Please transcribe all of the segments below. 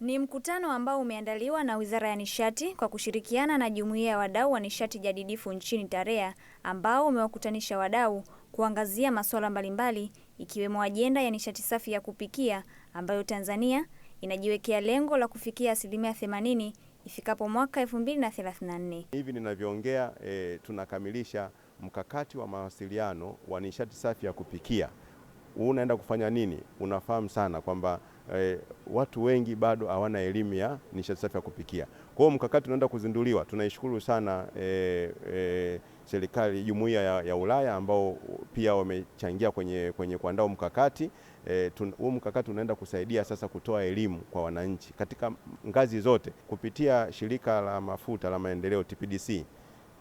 Ni mkutano ambao umeandaliwa na Wizara ya Nishati kwa kushirikiana na Jumuiya ya Wadau wa Nishati Jadidifu nchini TAREA ambao umewakutanisha wadau kuangazia masuala mbalimbali ikiwemo ajenda ya nishati safi ya kupikia ambayo Tanzania inajiwekea lengo la kufikia asilimia 80 ifikapo mwaka 2034. Hivi ninavyoongea e, tunakamilisha mkakati wa mawasiliano wa nishati safi ya kupikia. Unaenda kufanya nini? Unafahamu sana kwamba eh, watu wengi bado hawana elimu ya nishati safi ya kupikia. Kwa hiyo mkakati unaenda kuzinduliwa. Tunaishukuru sana eh, eh, serikali jumuiya ya, ya Ulaya ambao pia wamechangia kwenye, kwenye kuandaa mkakati eh, huu. E, mkakati unaenda kusaidia sasa kutoa elimu kwa wananchi katika ngazi zote kupitia shirika la mafuta la maendeleo TPDC.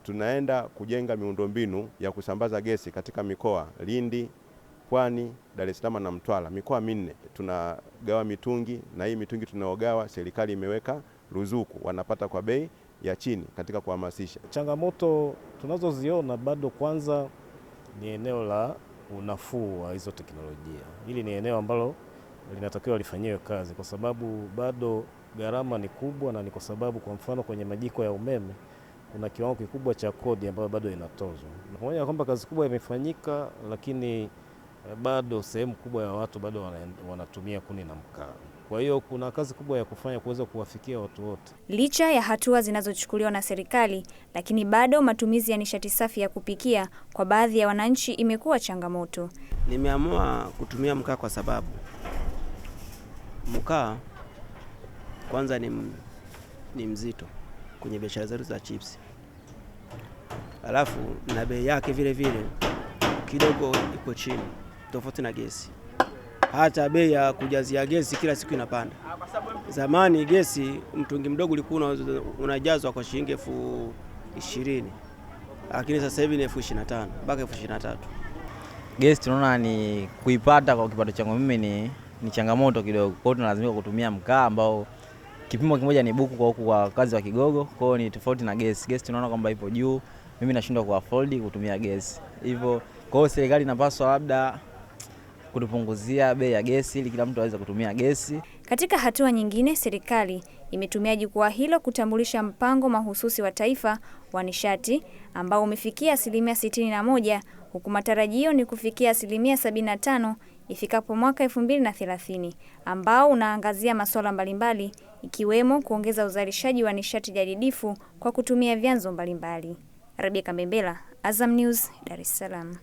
Tunaenda kujenga miundombinu ya kusambaza gesi katika mikoa Lindi Pwani, Dar es Salaam na Mtwara, mikoa minne tunagawa mitungi, na hii mitungi tunaogawa, serikali imeweka ruzuku, wanapata kwa bei ya chini katika kuhamasisha. Changamoto tunazoziona bado, kwanza ni eneo la unafuu wa hizo teknolojia. Hili ni eneo ambalo linatakiwa lifanyiwe kazi, kwa sababu bado gharama ni kubwa, na ni kwa sababu, kwa mfano, kwenye majiko ya umeme kuna kiwango kikubwa cha kodi ambayo bado inatozwa, pamoja na kwamba kazi kubwa imefanyika, lakini Eh, bado sehemu kubwa ya watu bado wanatumia kuni na mkaa. Kwa hiyo kuna kazi kubwa ya kufanya kuweza kuwafikia watu wote. Licha ya hatua zinazochukuliwa na serikali, lakini bado matumizi ya nishati safi ya kupikia kwa baadhi ya wananchi imekuwa changamoto. Nimeamua kutumia mkaa kwa sababu mkaa kwanza ni, ni mzito kwenye biashara zetu za chips, alafu na bei yake vile vile kidogo iko chini tofauti na gesi. Hata bei ya kujazia gesi kila siku inapanda. Zamani gesi mtungi mdogo ulikuwa unajazwa kwa shilingi elfu ishirini lakini sasa hivi ni elfu ishirini na tano mpaka elfu ishirini na tatu. Gesi tunaona ni kuipata kwa kipato changu mimi ni, ni changamoto kidogo, kwa hiyo tunalazimika kutumia mkaa ambao kipimo kimoja ni buku kwa huku kazi wa Kigogo, kwa hiyo ni tofauti na gesi. Gesi tunaona kwamba ipo juu, mimi nashindwa kuafford kutumia gesi hivyo, kwa hiyo serikali inapaswa labda kutupunguzia bei ya gesi ili kila mtu aweze kutumia gesi. Katika hatua nyingine, serikali imetumia jukwaa hilo kutambulisha mpango mahususi wa taifa wa nishati ambao umefikia asilimia 61 huku matarajio ni kufikia asilimia 75 ifikapo mwaka 2030 ambao unaangazia masuala mbalimbali ikiwemo kuongeza uzalishaji wa nishati jadidifu kwa kutumia vyanzo mbalimbali. Rebeka Mbembela, Azam News, Dar es Salaam.